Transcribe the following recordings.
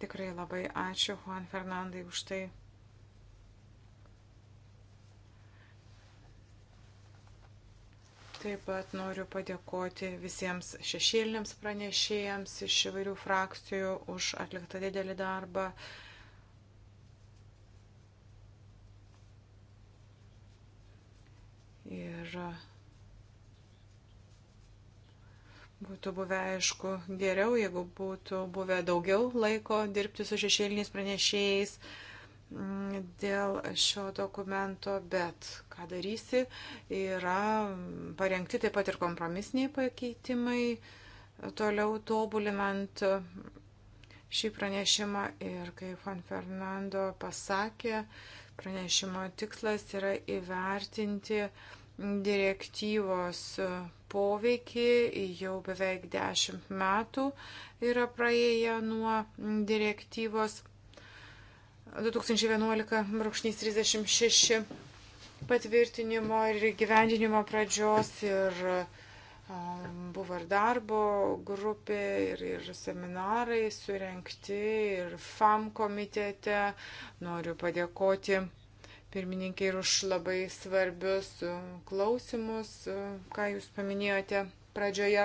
Tikrai labai ačiū Juan Fernandai už tai. Taip pat noriu padėkoti visiems šešėliniams pranešėjams iš įvairių frakcijų už atliktą didelį darbą. Ir Būtų buvę aišku geriau, jeigu būtų buvę daugiau laiko dirbti su šešėliniais pranešėjais mm, dėl šio dokumento, bet ką darysi, yra parengti taip pat ir kompromisiniai pakeitimai, toliau tobulinant šį pranešimą ir kaip Juan Fernando pasakė, pranešimo tikslas yra įvertinti direktyvos poveikį jau beveik dešimt metų yra praėję nuo direktyvos 2011-36 patvirtinimo ir gyvendinimo pradžios ir buvo ir darbo grupė ir, ir seminarai surenkti ir FAM komitete. Noriu padėkoti pirmininkė ir už labai svarbius e, klausimus, e, ką jūs paminėjote pradžioje.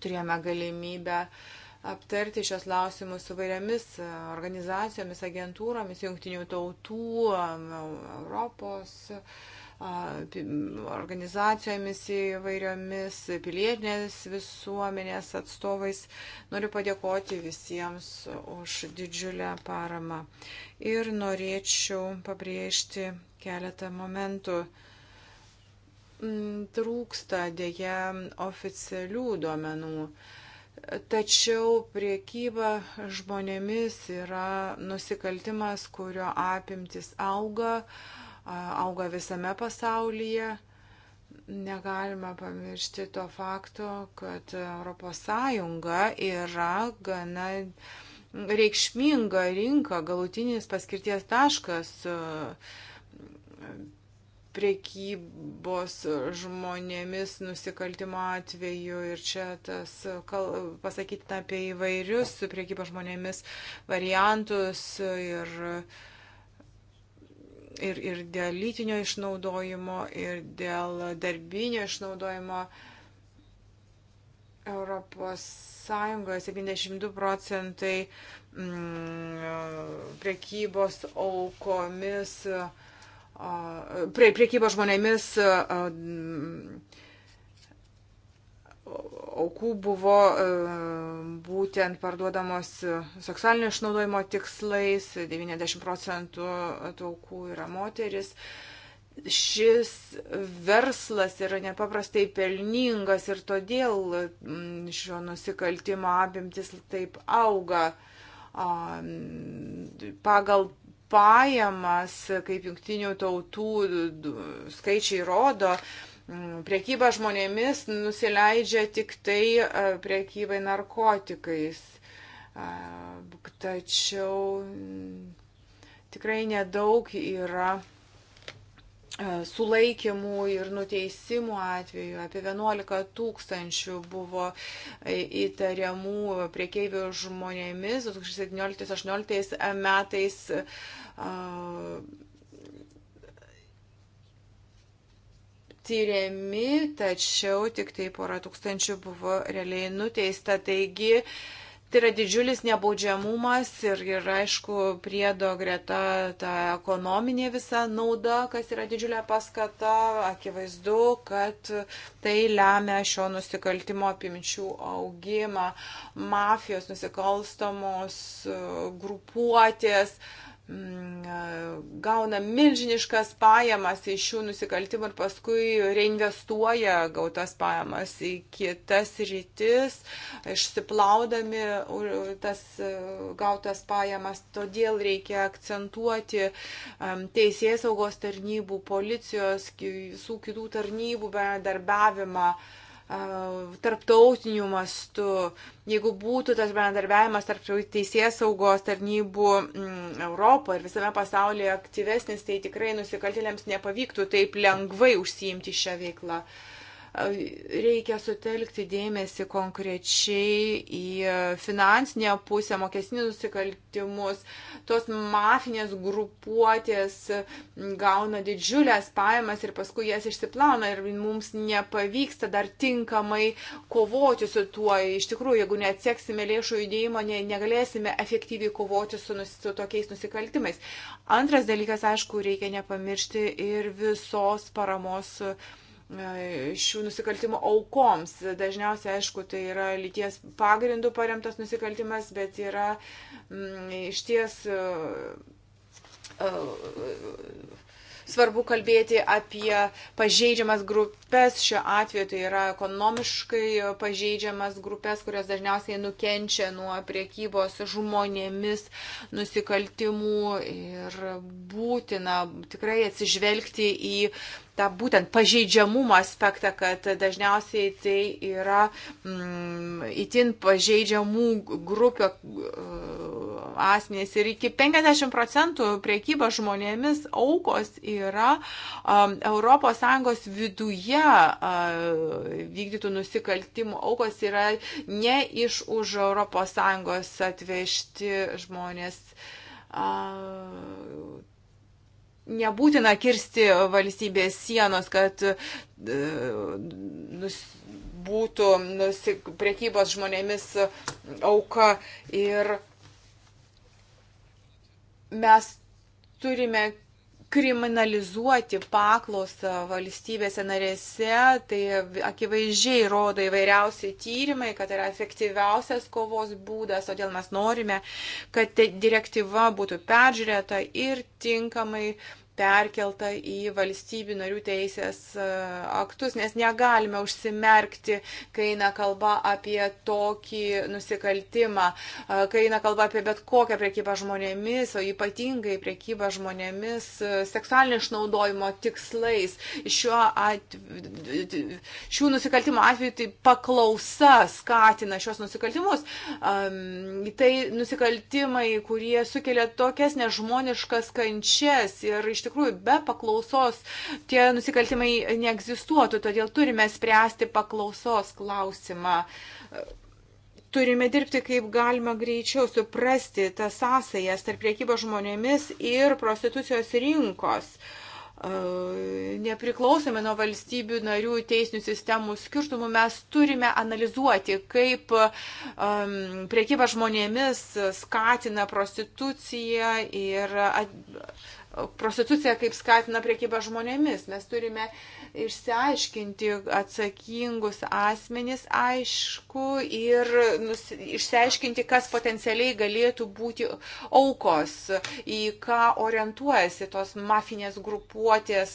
Turėjome galimybę aptarti šios lausimus su vairiamis e, organizacijomis, agentūromis, jungtinių tautų, Europos organizacijomis įvairiomis, pilietinės visuomenės atstovais. Noriu padėkoti visiems už didžiulę paramą. Ir norėčiau pabrėžti keletą momentų. Mm, trūksta dėja oficialių duomenų. Tačiau priekyba žmonėmis yra nusikaltimas, kurio apimtis auga. Uh, auga visame pasaulyje. Negalima pamiršti to fakto, kad ES yra gana reikšminga rinka, galutinis paskirties taškas priekybos žmonėmis nusikaltimo atveju ir čia tas kal, pasakyti apie įvairius priekybos žmonėmis variantus ir uh, ir, ir dėl lytinio išnaudojimo, ir dėl darbinio išnaudojimo. Europos Sąjungoje 72 procentai mm, prekybos aukomis, prie, prekybos žmonėmis. Mm, aukų buvo e, būtent parduodamos seksualinio išnaudojimo tikslais, 90 procentų tų aukų yra moteris. Šis verslas yra nepaprastai pelningas ir todėl mm, šio nusikaltimo apimtis taip auga. Pagal pajamas, kaip jungtinių tautų skaičiai rodo, Mm, priekyba žmonėmis nusileidžia tik tai e, priekybai narkotikais. Tačiau mm, tikrai nedaug yra e, sulaikymų ir nuteisimų atveju. Apie 11 tūkstančių buvo e, įtariamų priekeivių žmonėmis 2017-2018 metais tyriami, tačiau tik tai pora tūkstančių buvo realiai nuteista. Taigi, Tai yra didžiulis nebaudžiamumas ir, ir aišku, priedo greta ta ekonominė visa nauda, kas yra didžiulė paskata, akivaizdu, kad tai lemia šio nusikaltimo apimčių augimą, mafijos nusikalstamos grupuotės. Uh, Mm, gauna milžiniškas pajamas iš šių nusikaltimų ir paskui reinvestuoja gautas pajamas į kitas rytis, išsiplaudami tas gautas pajamas. Todėl reikia akcentuoti teisės saugos tarnybų, policijos, visų kitų tarnybų bendarbiavimą. Be tarptautiniu mastu, jeigu būtų tas bendarbiavimas tarp teisės saugos tarnybų mm, Europoje ir visame pasaulyje aktyvesnis, tai tikrai nusikaltėliams nepavyktų taip lengvai užsiimti šią veiklą. Uh, reikia sutelkti dėmesį konkrečiai į finansinę pusę, mokesnius nusikaltimus. Tos mafinės grupuotės gauna didžiulės pajamas ir paskui jas išsiplauna ir mums nepavyksta dar tinkamai kovoti su tuo. Iš tikrųjų, jeigu neatseksime lėšų judėjimo, ne, negalėsime efektyviai kovoti su, su tokiais nusikaltimais. Antras dalykas, aišku, reikia nepamiršti ir visos paramos šių nusikaltimų aukoms. Dažniausiai, aišku, tai yra lyties pagrindų paremtas nusikaltimas, bet yra m, mm, iš ties e, e, svarbu kalbėti apie pažeidžiamas grupės, šiuo atveju tai yra ekonomiškai pažeidžiamas grupės, kurios dažniausiai nukenčia nuo priekybos žmonėmis nusikaltimų ir būtina tikrai atsižvelgti į tą būtent pažeidžiamumo aspektą, kad dažniausiai tai yra mm, itin pažeidžiamų grupio e, asmenys ir iki 50 procentų priekyba žmonėmis aukos yra um, e, ES viduje uh, vykdytų nusikaltimų aukos yra ne iš už ES atvežti žmonės. Uh, nebūtina kirsti valstybės sienos, kad e, nus, būtų nusik, priekybos žmonėmis auka. Ir mes turime kriminalizuoti paklausą valstybėse narėse, tai akivaizdžiai rodo įvairiausi tyrimai, kad yra efektyviausias kovos būdas, todėl mes norime, kad direktyva būtų peržiūrėta ir tinkamai uh, perkelta į valstybių narių teisės e, aktus, nes negalime užsimerkti, kai eina kalba apie tokį nusikaltimą, e, kai eina kalba apie bet kokią priekybą žmonėmis, o ypatingai priekybą žmonėmis e, seksualinio išnaudojimo tikslais. Šiuo atveju, šių nusikaltimų atveju tai paklausa skatina šios nusikaltimus. Tai nusikaltimai, kurie sukelia tokias nežmoniškas kančias ir iš iš tikrųjų be paklausos tie nusikaltimai neegzistuotų, todėl turime spręsti paklausos klausimą. Turime dirbti kaip galima greičiau, suprasti tas sąsajas tarp priekybos žmonėmis ir prostitucijos rinkos e, nepriklausomai nuo valstybių narių teisinių sistemų skirtumų, mes turime analizuoti, kaip um, priekyba žmonėmis skatina prostituciją ir at, prostituciją kaip skatina priekybą žmonėmis. Mes turime išsiaiškinti atsakingus asmenys, aišku, ir nus, išsiaiškinti, kas potencialiai galėtų būti aukos, į ką orientuojasi tos mafinės grupuotės,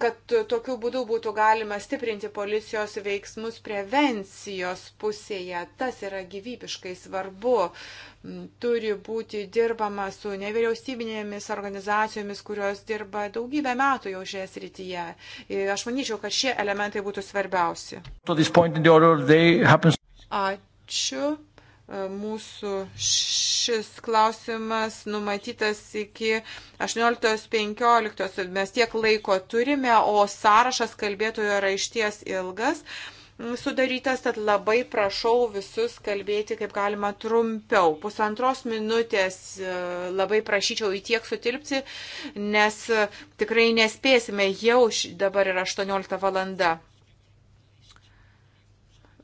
kad tokiu būdu būtų galima stiprinti policijos veiksmus prevencijos pusėje. Tas yra gyvybiškai svarbu turi būti dirbama su nevyriausybinėmis organizacijomis, kurios dirba daugybę metų jau šioje srityje gyvenime. Ir aš manyčiau, kad šie elementai būtų svarbiausi. Ačiū e, mūsų šis klausimas numatytas iki 18.15. Mes tiek laiko turime, o sąrašas kalbėtojų yra išties ilgas sudarytas, tad labai prašau visus kalbėti kaip galima trumpiau. Pusantros minutės e, labai prašyčiau į tiek sutilpti, nes e, tikrai nespėsime, jau dabar yra 18 valanda.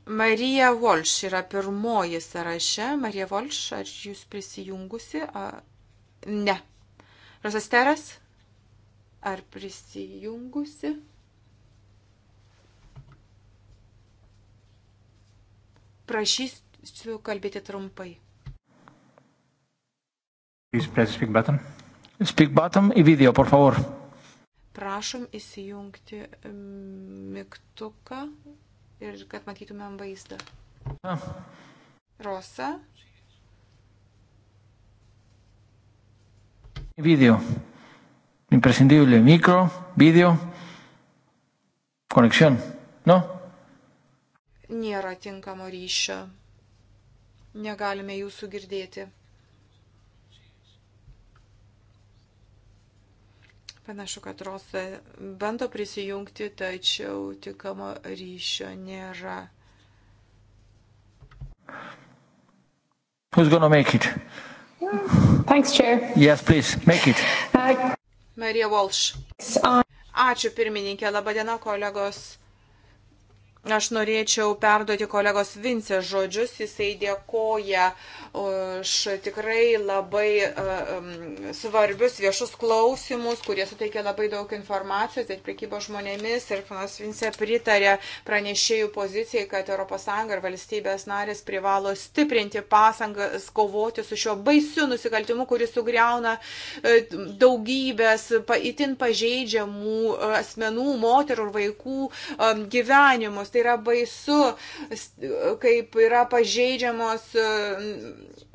Marija Volš yra pirmoji sąraše. Marija Volš, ar jūs prisijungusi? A, ne. Rosasteras, ar prisijungusi? Prašysiu kalbėti trumpai. Please press speak button. Speak button į video, por favor. Prašom įsijungti mygtuką ir kad matytumėm vaizdą. Ah. Rosa. Video. Imprescindible. Micro, video. Conexión. ¿No? nėra tinkamo ryšio. Negalime jūsų girdėti. Panašu, kad Rosa bando prisijungti, tačiau tikamo ryšio nėra. Who's gonna make it? Thanks, Chair. Yes, please, make it. Uh, Marija Walsh. Ačiū pirmininkė, labadiena kolegos. Aš norėčiau perduoti kolegos Vincės žodžius, jisai dėkoja už tikrai labai um, svarbius viešus klausimus, kurie suteikia labai daug informacijos, tai priekybo žmonėmis ir panas Vincė pritarė pranešėjų pozicijai, kad ES ir valstybės narės privalo stiprinti pasangas kovoti su šiuo baisiu nusikaltimu, kuris sugriauna e, daugybės itin pažeidžiamų e, asmenų, moterų ir vaikų um, gyvenimus tai yra baisu, kaip yra pažeidžiamos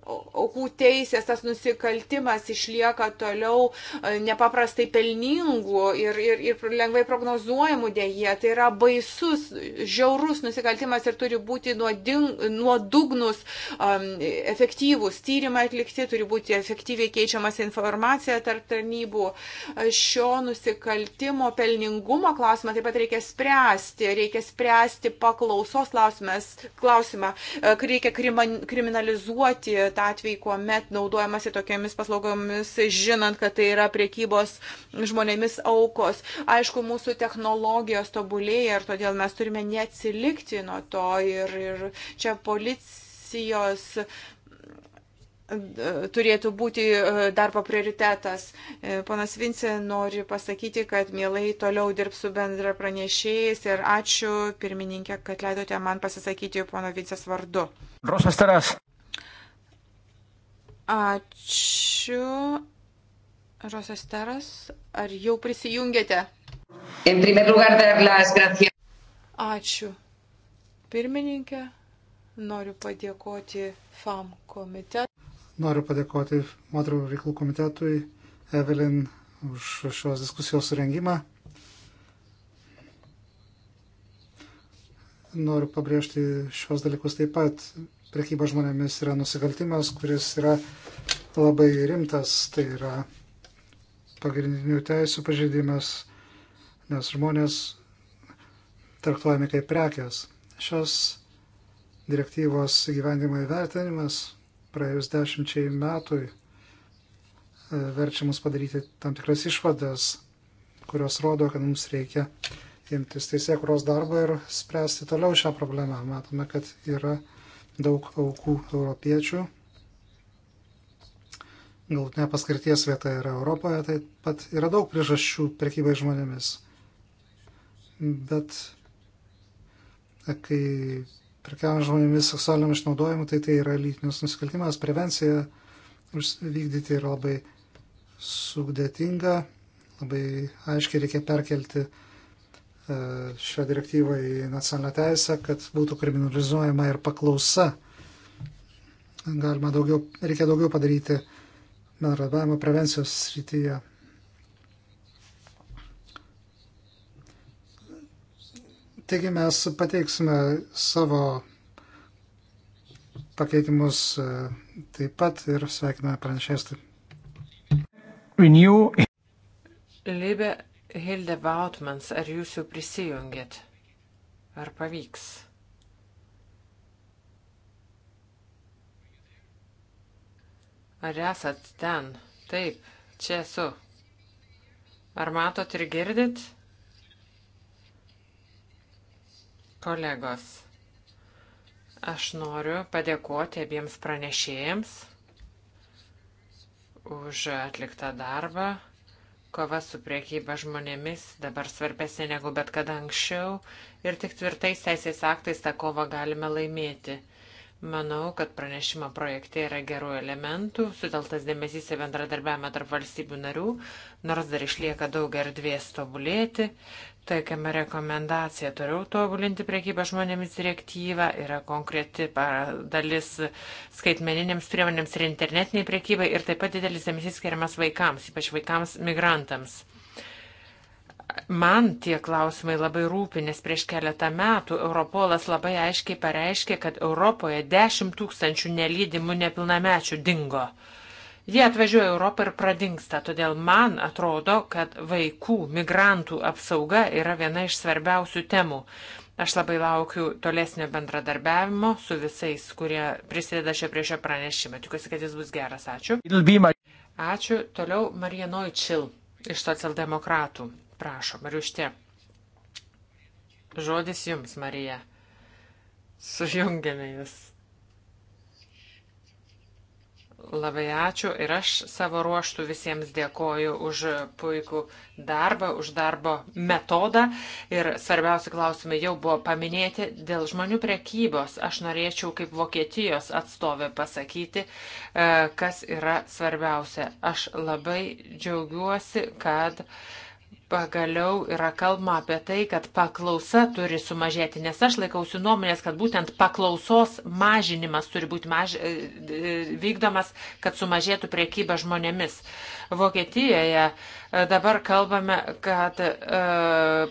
aukų teisės, tas nusikaltimas išlieka toliau e, nepaprastai pelningų ir, ir, ir lengvai prognozuojamų dėje. Tai yra baisus, žiaurus nusikaltimas ir turi būti nuodugnus, um, efektyvus. Tyrimai atlikti turi būti efektyviai keičiamas informacija tarp tarnybų. Šio nusikaltimo pelningumo klausimą taip pat reikia spręsti. Reikia spręsti paklausos klausimą, e, reikia kriminalizuoti atvejai, kuomet naudojamasi tokiamis paslaugomis, žinant, kad tai yra priekybos žmonėmis aukos. Aišku, mūsų technologijos tobulėja ir todėl mes turime neatsilikti nuo to ir, ir čia policijos e, turėtų būti e, darbo prioritetas. E, ponas Vince nori pasakyti, kad mielai toliau dirbs su bendra pranešėjais ir ačiū pirmininkė, kad leidote man pasisakyti pono Vincės vardu. Rosas Taras. Ačiū. Rosas Teras, ar jau prisijungėte? Lugar, Ačiū. Pirmininkė, noriu padėkoti FAM komitetui. Noriu padėkoti moterų reikalų komitetui, Evelin, už šios diskusijos surengimą. Noriu pabrėžti šios dalykus taip pat prekyba žmonėmis yra nusikaltimas, kuris yra labai rimtas, tai yra pagrindinių teisų pažeidimas, nes žmonės traktuojami kaip prekės. Šios direktyvos gyvendimo įvertinimas praėjus dešimčiai metų e, verčia mus padaryti tam tikras išvadas, kurios rodo, kad mums reikia imtis teisėkuros darbo ir spręsti toliau šią problemą. Matome, kad yra daug aukų europiečių. Galutinė paskirties vieta yra Europoje, taip pat yra daug priežasčių prekybai žmonėmis. Bet e, kai prekiaujam žmonėmis seksualiniam išnaudojimu, tai tai yra lytinis nusikaltimas, prevencija vykdyti yra labai sudėtinga, labai aiškiai reikia perkelti uh, E, šią direktyvą į nacionalinę teisę, kad būtų kriminalizuojama ir paklausa. Galima daugiau, reikia daugiau padaryti bendradavimo prevencijos srityje. Taigi mes pateiksime savo pakeitimus e, taip pat ir sveikiname pranešėjus. Renew. Libė Hilde Bautmans, ar jūs jau prisijungėt? Ar pavyks? Ar esat ten? Taip, čia esu. Ar matot ir girdit? Kolegos, aš noriu padėkoti abiems pranešėjams už atliktą darbą Kova su priekyba žmonėmis dabar svarbesnė negu bet kada anksčiau ir tik tvirtais teisės aktais tą kovą galime laimėti. Manau, kad pranešimo projekte yra gerų elementų, suteltas dėmesys į bendradarbiavimą tarp valstybių narių, nors dar išlieka daug erdvės tobulėti. Taikiame rekomendaciją toliau tobulinti priekybą žmonėmis direktyvą, yra konkreti dalis skaitmeninėms priemonėms ir internetiniai priekybai ir taip pat didelis dėmesys skiriamas vaikams, ypač vaikams migrantams. Man tie klausimai labai rūpi, nes prieš keletą metų Europolas labai aiškiai pareiškė, kad Europoje 10 tūkstančių nelydimų nepilnamečių dingo. Jie atvažiuoja Europą ir pradingsta, todėl man atrodo, kad vaikų, migrantų apsauga yra viena iš svarbiausių temų. Aš labai laukiu tolesnio bendradarbiavimo su visais, kurie prisideda šio prie šio pranešimo. Tikiuosi, kad jis bus geras. Ačiū. Ačiū. Toliau Marija Noičil iš socialdemokratų. Prašom, Riušte. Žodis jums, Marija. Sujungiame jūs. Labai ačiū ir aš savo ruoštų visiems dėkoju už puikų darbą, už darbo metodą. Ir svarbiausi klausimai jau buvo paminėti dėl žmonių prekybos. Aš norėčiau kaip Vokietijos atstovė pasakyti, e, kas yra svarbiausia. Aš labai džiaugiuosi, kad uh, pagaliau yra kalbama apie tai, kad paklausa turi sumažėti, nes aš laikausi nuomonės, kad būtent paklausos mažinimas turi būti maž... E, e, vykdomas, kad sumažėtų priekyba žmonėmis. Vokietijoje e, dabar kalbame, kad e,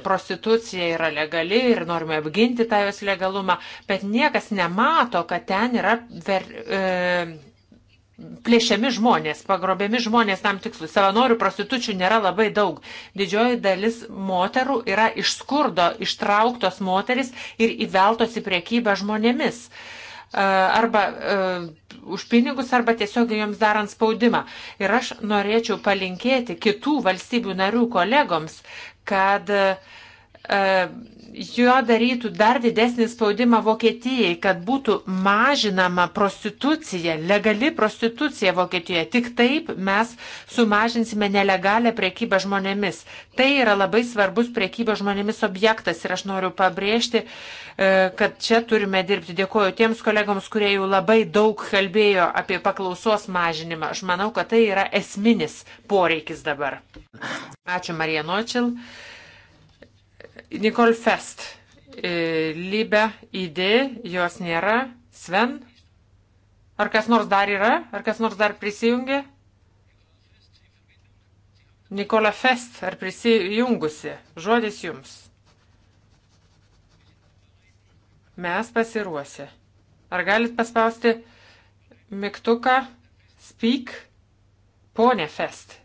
prostitucija yra legali ir norime apginti tą jos legalumą, bet niekas nemato, kad ten yra ver, e, plėšiami žmonės, pagrobiami žmonės tam tikslui. Savanorių prostitučių nėra labai daug. Didžioji dalis moterų yra iš skurdo ištrauktos moteris ir įveltos į priekybę žmonėmis. E, arba uh, už pinigus, arba tiesiog joms darant spaudimą. Ir aš norėčiau palinkėti kitų valstybių narių kolegoms, kad uh, E, juo darytų dar didesnį spaudimą Vokietijai, kad būtų mažinama prostitucija, legali prostitucija Vokietijoje. Tik taip mes sumažinsime nelegalę priekybą žmonėmis. Tai yra labai svarbus priekybą žmonėmis objektas ir aš noriu pabrėžti, e, kad čia turime dirbti. Dėkuoju tiems kolegoms, kurie jau labai daug kalbėjo apie paklausos mažinimą. Aš manau, kad tai yra esminis poreikis dabar. Ačiū Marija Nočil. Nikol Fest. E, Libe, ID, jos nėra. Sven. Ar kas nors dar yra? Ar kas nors dar prisijungė? Nikola Fest, ar prisijungusi? Žodis jums. Mes pasiruošę. Ar galit paspausti mygtuką Speak? Pone Fest.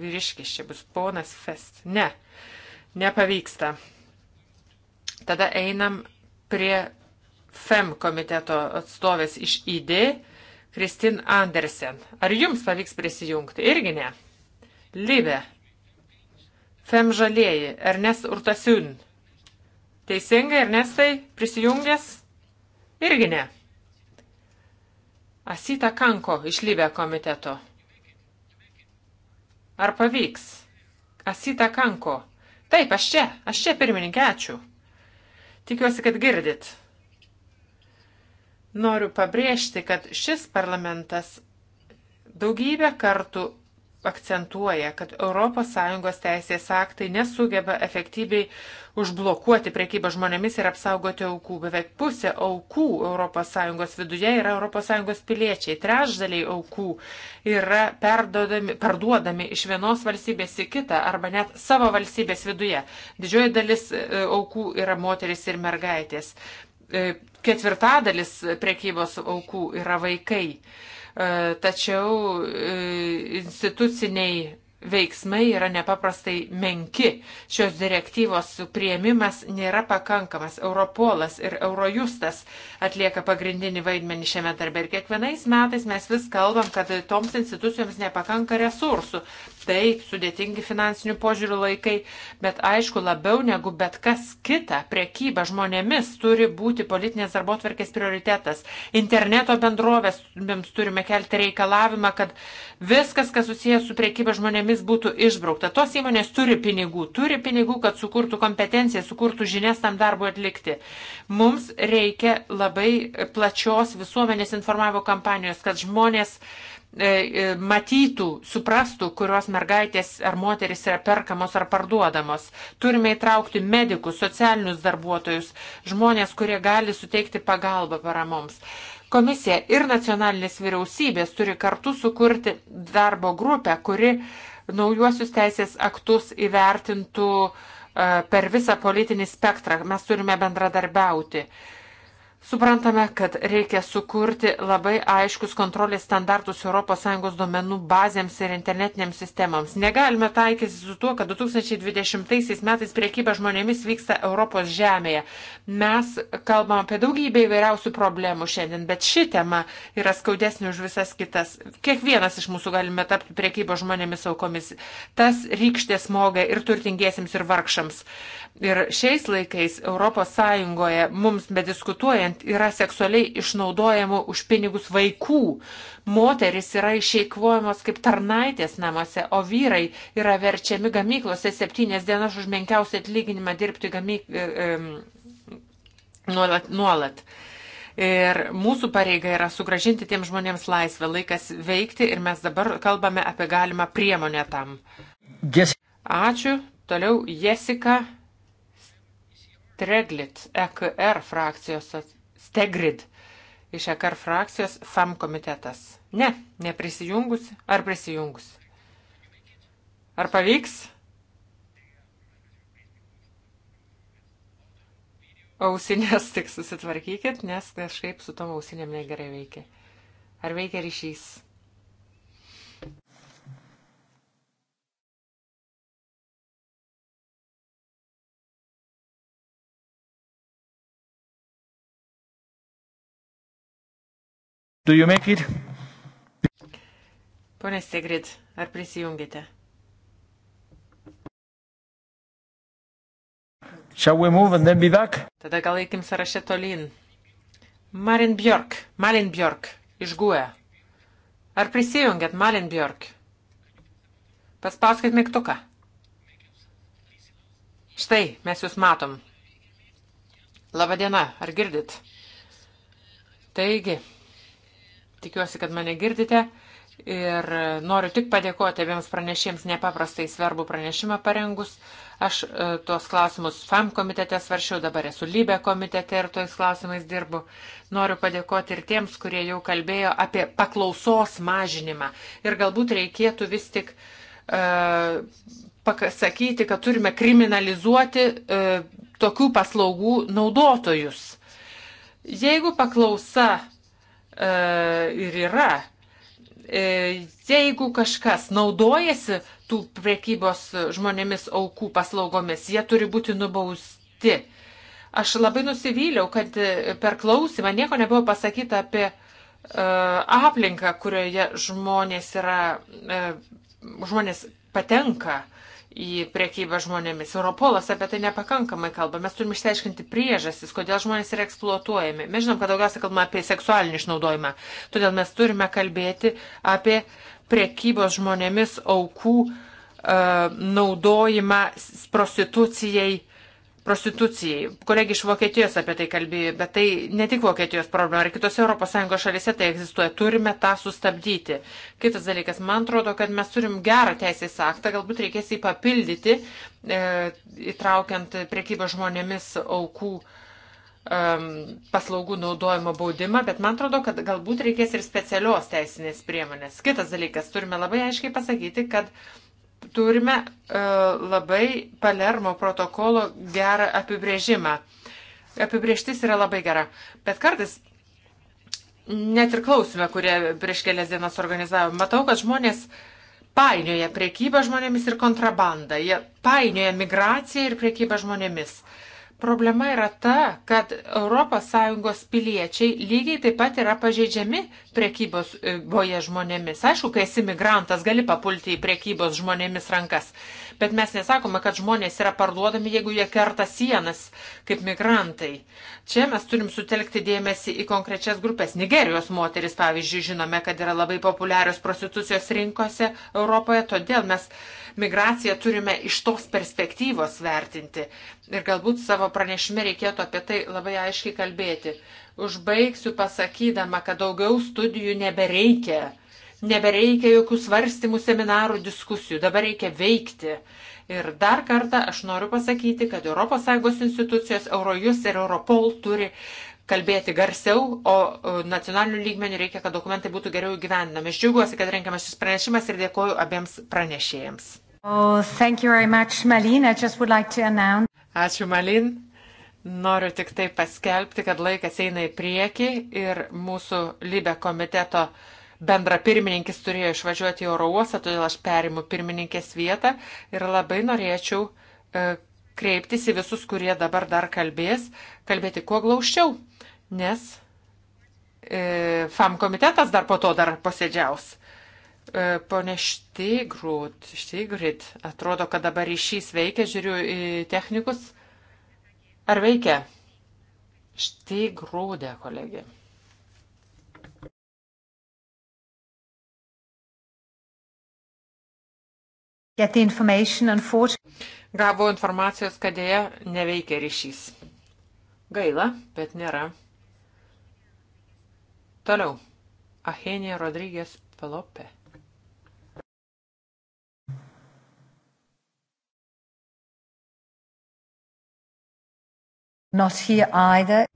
Vyriškis čia bus ponas Fest. Ne, nepavyksta. Tada einam prie FEM komiteto atstovės iš ID, Kristin Andersen. Ar jums pavyks prisijungti? Irgi ne. Live. FEM žalieji. Ernest Urtasiun. Teisingai, Ernestai, prisijungęs? Irgi ne. Asita Kanko iš Live komiteto. Ar pavyks? Asita Kanko. Taip, aš čia, aš čia pirmininkė, ačiū. Tikiuosi, kad girdit. Noriu pabrėžti, kad šis parlamentas daugybę kartų akcentuoja, kad ES teisės aktai nesugeba efektyviai užblokuoti priekybą žmonėmis ir apsaugoti aukų. Beveik pusė aukų ES viduje yra ES piliečiai. Trešdaliai aukų yra parduodami iš vienos valstybės į kitą arba net savo valstybės viduje. Didžioji dalis e, aukų yra moteris ir mergaitės. E, ketvirtadalis priekybos aukų yra vaikai. E, tačiau e, instituciniai veiksmai yra nepaprastai menki. Šios direktyvos prieimimas nėra pakankamas. Europolas ir Eurojustas atlieka pagrindinį vaidmenį šiame darbe. Ir kiekvienais metais mes vis kalbam, kad toms institucijoms nepakanka resursų taip sudėtingi finansinių požiūrių laikai, bet aišku, labiau negu bet kas kita, priekyba žmonėmis turi būti politinės darbo tvarkės prioritetas. Interneto bendrovės mums turime kelti reikalavimą, kad viskas, kas susijęs su priekyba žmonėmis, būtų išbraukta. Tos įmonės turi pinigų, turi pinigų, kad sukurtų kompetenciją, sukurtų žinias tam darbui atlikti. Mums reikia labai plačios visuomenės informavimo kampanijos, kad žmonės uh, E, e, matytų, suprastų, kurios mergaitės ar moteris yra perkamos ar parduodamos. Turime įtraukti medikus, socialinius darbuotojus, žmonės, kurie gali suteikti pagalbą paramoms. Komisija ir nacionalinės vyriausybės turi kartu sukurti darbo grupę, kuri naujuosius teisės aktus įvertintų e, per visą politinį spektrą. Mes turime bendradarbiauti. Uh, Suprantame, kad reikia sukurti labai aiškus kontrolės standartus ES duomenų bazėms ir internetinėms sistemams. Negalime taikyti su tuo, kad 2020 metais priekyba žmonėmis vyksta Europos žemėje. Mes kalbam apie daugybę įvairiausių problemų šiandien, bet ši tema yra skaudesnė už visas kitas. Kiekvienas iš mūsų galime tapti priekybo žmonėmis aukomis. Tas rykštė smoga ir turtingiesiems, ir vargšams. Ir šiais laikais ES mums bediskutuoja bendradarbiaujant yra seksualiai išnaudojamų už pinigus vaikų. Moteris yra išeikvojamos kaip tarnaitės namuose, o vyrai yra verčiami gamyklose septynės dienas už menkiausią atlyginimą dirbti gamyk... E, e, nuolat. nuolat. Ir mūsų pareiga yra sugražinti tiem žmonėms laisvę, laikas veikti ir mes dabar kalbame apie galimą priemonę tam. Yes. Ačiū. Toliau Jessica Treglit, EKR frakcijos Stegrid iš EKR frakcijos FAM komitetas. Ne, neprisijungus ar prisijungus. Ar pavyks? Ausinės tik susitvarkykit, nes kažkaip su tom ausinėm negerai veikia. Ar veikia ryšys? Do you make it? Pone Sigrid, ar prisijungite? Shall we move and then be back? Tada gal eikim sąraše tolyn. Marin Bjork, Malin Bjork, iš GUE. Ar prisijungiat, Malin Bjork? Paspauskit mygtuką. Štai, mes jūs matom. Labadiena, ar girdit? Taigi, tikiuosi, kad mane girdite. Ir noriu tik padėkoti abiems pranešėjams nepaprastai svarbu pranešimą parengus. Aš e, tuos klausimus FAM komitete svaršiau, dabar esu lybė komitete ir tojais klausimais dirbu. Noriu padėkoti ir tiems, kurie jau kalbėjo apie paklausos mažinimą. Ir galbūt reikėtų vis tik e, pasakyti, kad turime kriminalizuoti e, tokių paslaugų naudotojus. Jeigu paklausa E, ir yra. E, jeigu kažkas naudojasi tų priekybos žmonėmis aukų paslaugomis, jie turi būti nubausti. Aš labai nusivyliau, kad per klausimą nieko nebuvo pasakyta apie e, aplinką, kurioje žmonės yra, žmonės patenka į priekybą žmonėmis. Europolas apie tai nepakankamai kalba. Mes turime išsiaiškinti priežastis, kodėl žmonės yra eksploatuojami. Mes žinom, kad daugiausia kalbama apie seksualinį išnaudojimą. Todėl mes turime kalbėti apie priekybos žmonėmis aukų uh, naudojimą prostitucijai uh, prostitucijai. Kolegi iš Vokietijos apie tai kalbėjo, bet tai ne tik Vokietijos problema, ir kitose ES šalise tai egzistuoja. Turime tą sustabdyti. Kitas dalykas, man atrodo, kad mes turim gerą teisės aktą, galbūt reikės jį papildyti, e, įtraukiant priekybą žmonėmis aukų paslaugų naudojimo baudimą, bet man atrodo, kad galbūt reikės ir specialios teisinės priemonės. Kitas dalykas, turime labai aiškiai pasakyti, kad uh, turime e, labai Palermo protokolo gerą apibrėžimą. Apibrėžtis yra labai gera, bet kartais net ir klausime, kurie prieš kelias dienas organizavo, matau, kad žmonės painioja priekybą žmonėmis ir kontrabandą, jie painioja migraciją ir priekybą žmonėmis. Uh, Problema yra ta, kad ES piliečiai lygiai taip pat yra pažeidžiami priekybos e, boje žmonėmis. Aišku, kai esi migrantas, gali papulti į priekybos žmonėmis rankas, bet mes nesakome, kad žmonės yra parduodami, jeigu jie kerta sienas kaip migrantai. Čia mes turim sutelkti dėmesį į konkrečias grupės. Nigerijos moteris, pavyzdžiui, žinome, kad yra labai populiarios prostitucijos rinkose Europoje, todėl mes migraciją turime iš tos perspektyvos vertinti. Ir galbūt savo pranešime reikėtų apie tai labai aiškiai kalbėti. Užbaigsiu pasakydama, kad daugiau studijų nebereikia. Nebereikia jokių svarstymų, seminarų, diskusijų. Dabar reikia veikti. Ir dar kartą aš noriu pasakyti, kad ES institucijos Eurojus ir Europol turi kalbėti garsiau, o nacionaliniu lygmeniu reikia, kad dokumentai būtų geriau įgyvendinami. Aš džiaugiuosi, kad renkiamas šis pranešimas ir dėkoju abiems pranešėjams. Oh, much, like announce... Ačiū, Malin. Noriu tik tai paskelbti, kad laikas eina į priekį ir mūsų Libė komiteto bendra pirmininkis turėjo išvažiuoti į oro uostą, todėl aš perimu pirmininkės vietą ir labai norėčiau e, kreiptis į visus, kurie dabar dar kalbės, kalbėti kuo glaučiau, nes e, FAM komitetas dar po to dar posėdžiaus. E, pone Šteigrūt, Šteigrit, atrodo, kad dabar ryšys veikia, žiūriu į technikus. Ar veikia? Šteigrūdė, kolegė. Gavau informacijos, kad dėja neveikia ryšys. Gaila, bet nėra. Toliau. Ahenė Rodrygės Pelopė.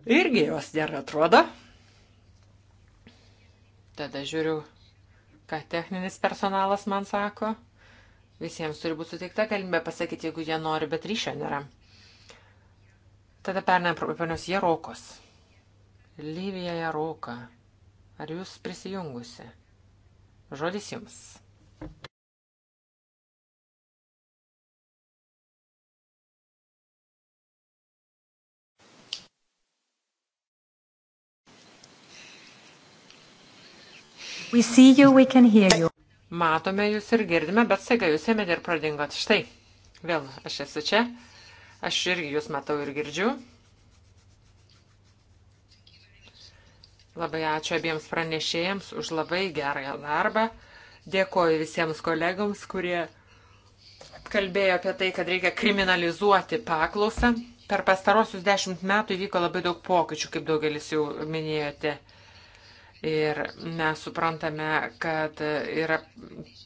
Irgi jos gerai atrodo. Tada žiūriu, ką techninis personalas man sako. Visiems turi būti suteikta galimybė pasakyti, jeigu jie nori, bet ryšio nėra. Tada pernai prie ponios Jarokos. Lyvija Jaroka. Ar jūs prisijungusi? Žodis jums. We see you, we can hear you. Matome jūs ir girdime, bet staiga jūs ėmėte ir pradingot. Štai, vėl aš esu čia. Aš irgi jūs matau ir girdžiu. Labai ačiū abiems pranešėjams už labai gerą darbą. Dėkoju visiems kolegams, kurie kalbėjo apie tai, kad reikia kriminalizuoti paklausą. Per pastarosius dešimt metų įvyko labai daug pokyčių, kaip daugelis jau minėjote. Ir mes suprantame, kad yra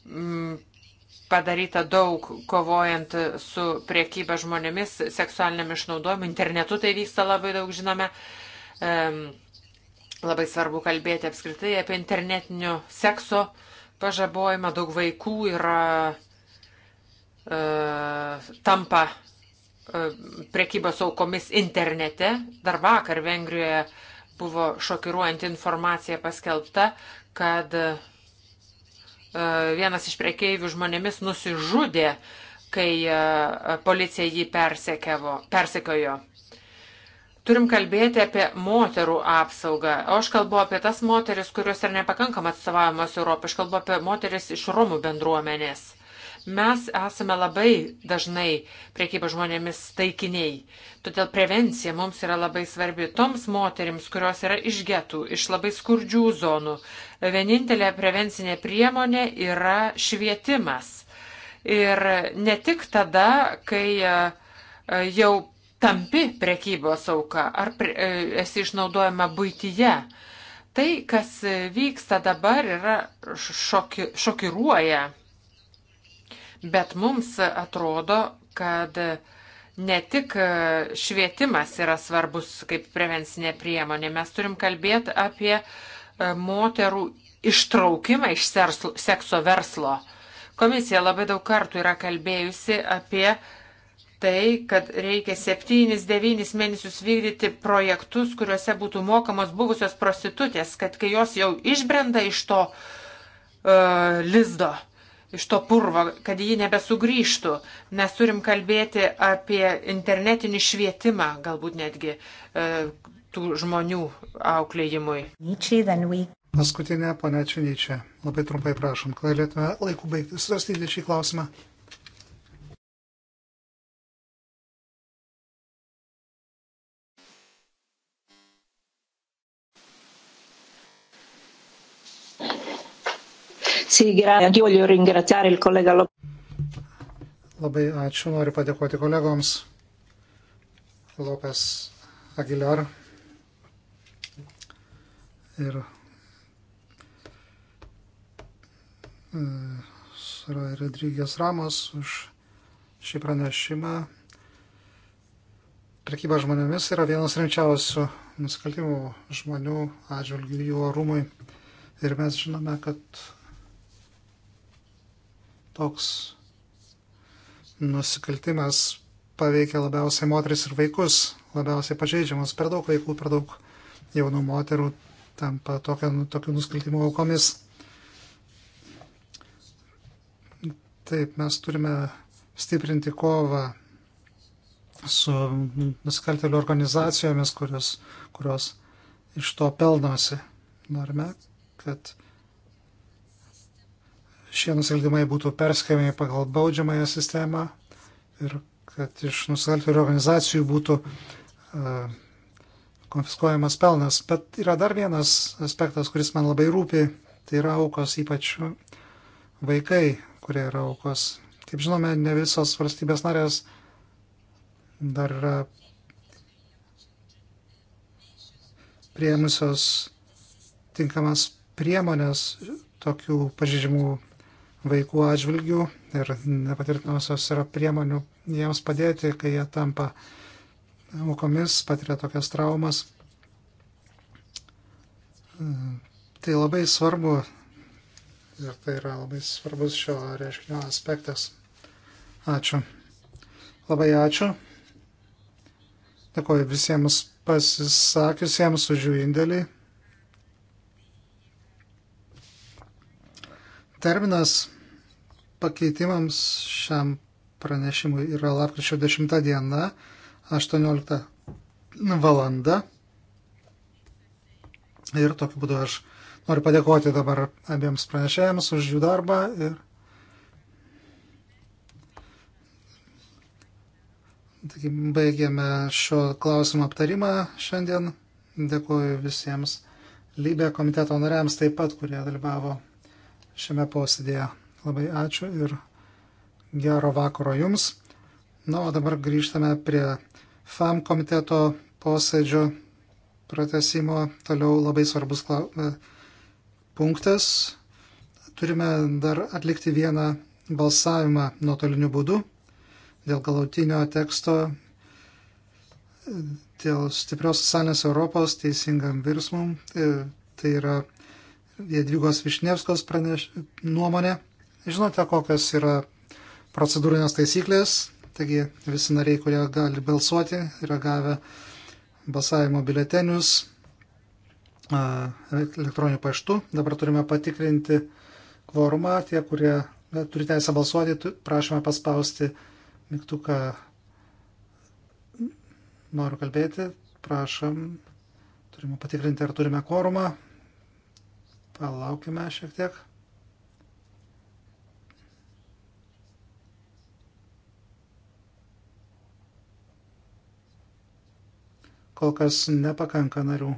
mm, padaryta daug kovojant su priekyba žmonėmis, seksualiniam išnaudojimu, internetu tai vyksta labai daug, žinome. Labai svarbu kalbėti apskritai apie internetinio sekso pažabojimą. Daug vaikų yra e, tampa e, prekybos aukomis internete. Dar vakar Vengrijoje buvo šokiruojanti informacija paskelbta, kad e, vienas iš prekeivių žmonėmis nusižudė, kai e, policija jį persekiojo. Turim kalbėti apie moterų apsaugą. O aš kalbu apie tas moteris, kurios yra nepakankamai atstovavimas Europoje. Aš kalbu apie moteris iš Romų bendruomenės. Mes esame labai dažnai priekyba žmonėmis taikiniai, todėl prevencija mums yra labai svarbi toms moterims, kurios yra iš getų, iš labai skurdžių zonų. Vienintelė prevencinė priemonė yra švietimas. Ir ne tik tada, kai e, e, jau tampi prekybos auka ar pre, e, esi išnaudojama būtyje. Tai, kas vyksta dabar, yra šoki, šokiruoja. Bet mums atrodo, kad ne tik švietimas yra svarbus kaip prevencinė priemonė, mes turim kalbėti apie e, moterų ištraukimą iš sekso verslo. Komisija labai daug kartų yra kalbėjusi apie tai, kad reikia 7-9 mėnesius vykdyti projektus, kuriuose būtų mokamos buvusios prostitutės, kad kai jos jau išbrenda iš to uh, lizdo, uh, iš to purvo, kad ji nebesugrįžtų. Mes turim kalbėti apie internetinį švietimą, galbūt netgi e, tų žmonių auklėjimui. Paskutinė, ponia Činyčia, labai trumpai prašom, kad galėtume laiku baigti svarstyti šį klausimą. Sì, grazie. Anch'io voglio ringraziare il collega Lopez. Labai ačiū, noriu padėkoti kolegoms. Lopes Aguilar ir e, Rodrygės Ramos už šį pranešimą. Prekyba žmonėmis yra vienas rimčiausių nusikaltimų žmonių atžvilgių jų orumui. Ir mes žinome, kad Toks nusikaltimas paveikia labiausiai moteris ir vaikus, labiausiai pažeidžiamas. Per daug vaikų, per daug jaunų moterų tampa tokio, tokių nusikaltimų aukomis. Taip, mes turime stiprinti kovą su nusikaltelių organizacijomis, kurios, kurios iš to pelnosi. Norime, kad šie nusikaltimai būtų perskaiami pagal baudžiamąją sistemą ir kad iš nusikaltėlių organizacijų būtų uh, konfiskuojamas pelnas. Bet yra dar vienas aspektas, kuris man labai rūpi, tai yra aukos, ypač vaikai, kurie yra aukos. Kaip žinome, ne visos valstybės narės dar yra prieimusios tinkamas priemonės tokių pažeidžiamų vaikų atžvilgių ir nepatirtinosios yra priemonių jiems padėti, kai jie tampa aukomis, patiria tokias traumas. Tai labai svarbu ir tai yra labai svarbus šio reiškinio aspektas. Ačiū. Labai ačiū. Dėkuoju visiems pasisakiusiems už jų indėlį. terminas Pakeitimams šiam pranešimui yra lapkričio 10 diena, 18 valanda. Ir tokiu būdu aš noriu padėkoti dabar abiems pranešėjams už jų darbą. Ir... Taigi, baigėme šio klausimo aptarimą šiandien. Dėkuoju visiems Lybė komiteto nariams taip pat, kurie dalyvavo šiame posėdėje. Labai ačiū ir gero vakaro jums. Na, o dabar grįžtame prie FAM komiteto posėdžio pratesimo. Toliau labai svarbus e, punktas. Turime dar atlikti vieną balsavimą nuotoliniu būdu dėl galutinio teksto, dėl stiprios socialinės Europos teisingam virsmum. E, tai yra Jadvigos Višnevskos praneš... nuomonė. Žinote, kokios yra procedūrinės taisyklės, taigi visi nariai, kurie gali balsuoti, yra gavę balsavimo biletenius elektroniniu paštu. Dabar turime patikrinti kvorumą, tie, kurie turi teisę balsuoti, prašome paspausti mygtuką noriu kalbėti, prašom, turime patikrinti, ar turime kvorumą. Palaukime šiek tiek. kol kas nepakanka narių.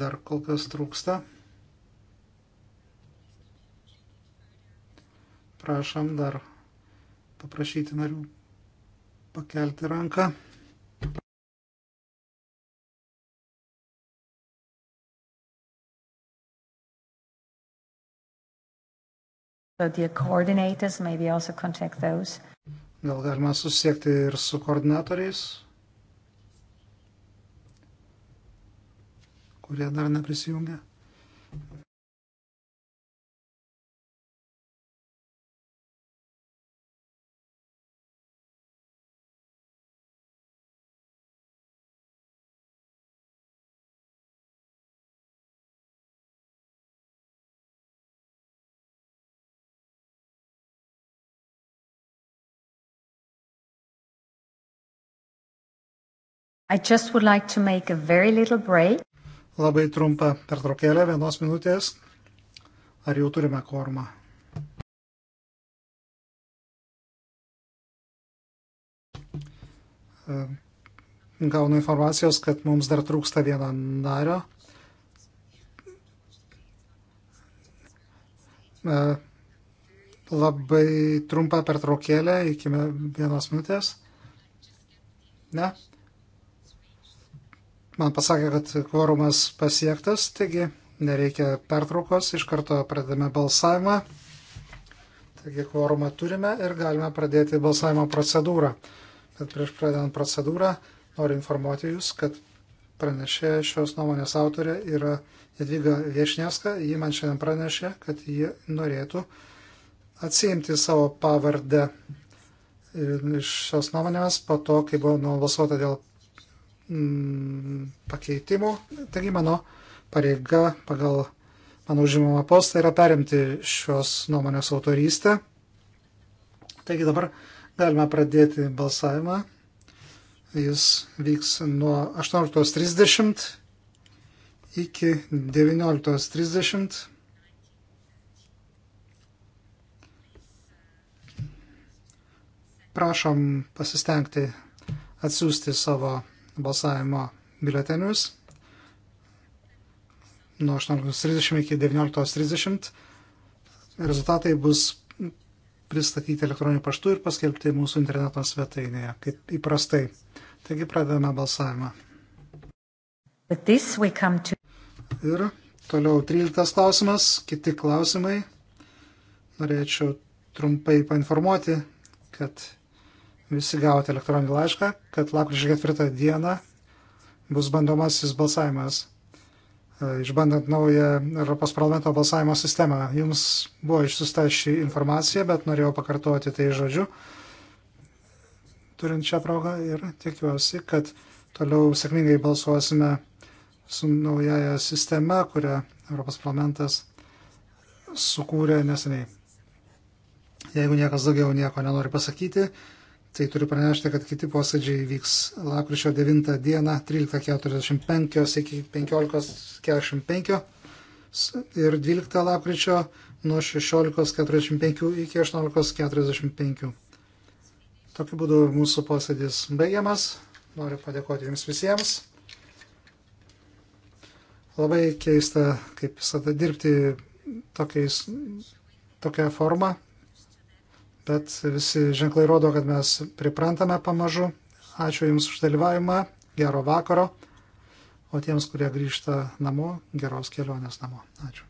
Dar kol kas trūksta. Prašom dar paprašyti narių pakelti ranką. So the coordinators maybe also contact those. Gal galima susisiekti ir su koordinatoriais, kurie dar neprisijungia? Like Labai trumpa pertraukėlė, vienos minutės. Ar jau turime kormą? Ehm, gaunu informacijos, kad mums dar trūksta vieno nario. Ehm, labai trumpa pertraukėlė iki vienos minutės. Ne, man pasakė, kad kvorumas pasiektas, taigi nereikia pertraukos, iš karto pradame balsavimą. Taigi kvorumą turime ir galime pradėti balsavimo procedūrą. Bet prieš pradedant procedūrą noriu informuoti Jūs, kad pranešė šios nuomonės autorė yra Jadviga Viešneska. Ji man šiandien pranešė, kad ji norėtų atsiimti savo pavardę iš šios nuomonės po to, kai buvo nubalsuota dėl mm, pakeitimų. Taigi mano pareiga pagal mano užimamą postą yra perimti šios nuomonės autorystę. Taigi dabar galime pradėti balsavimą. Jis vyks nuo 18.30 iki 19.30. Prašom pasistengti atsiųsti savo balsavimo biuletenius nuo 18.30 iki 19.30. Rezultatai bus pristatyti elektroniniu paštu ir paskelbti mūsų interneto svetainėje, kaip įprastai. Taigi pradedame balsavimą. To... Ir toliau 13 klausimas, kiti klausimai. Norėčiau trumpai painformuoti, kad visi gavote elektroninį laišką, kad lapkričio 4 dieną bus bandomasis balsavimas, e, išbandant naują Europos parlamento balsavimo sistemą. Jums buvo išsiusta ši informacija, bet norėjau pakartoti tai žodžiu, turint šią progą ir tikiuosi, kad toliau sėkmingai balsuosime su naujaja sistema, kurią Europos parlamentas sukūrė neseniai. Jeigu niekas daugiau nieko nenori pasakyti, Tai turiu pranešti, kad kiti posėdžiai vyks lakryčio 9 dieną 13.45 iki 15.45 ir 12 lakryčio nuo 16.45 iki 18.45. Tokiu būdu mūsų posėdis baigiamas. Noriu padėkoti Jums visiems. Labai keista, kaip visada, dirbti tokiais, tokia forma bet visi ženklai rodo, kad mes priprantame pamažu. Ačiū Jums už dalyvavimą, gero vakaro, o tiems, kurie grįžta namo, geros kelionės namo. Ačiū.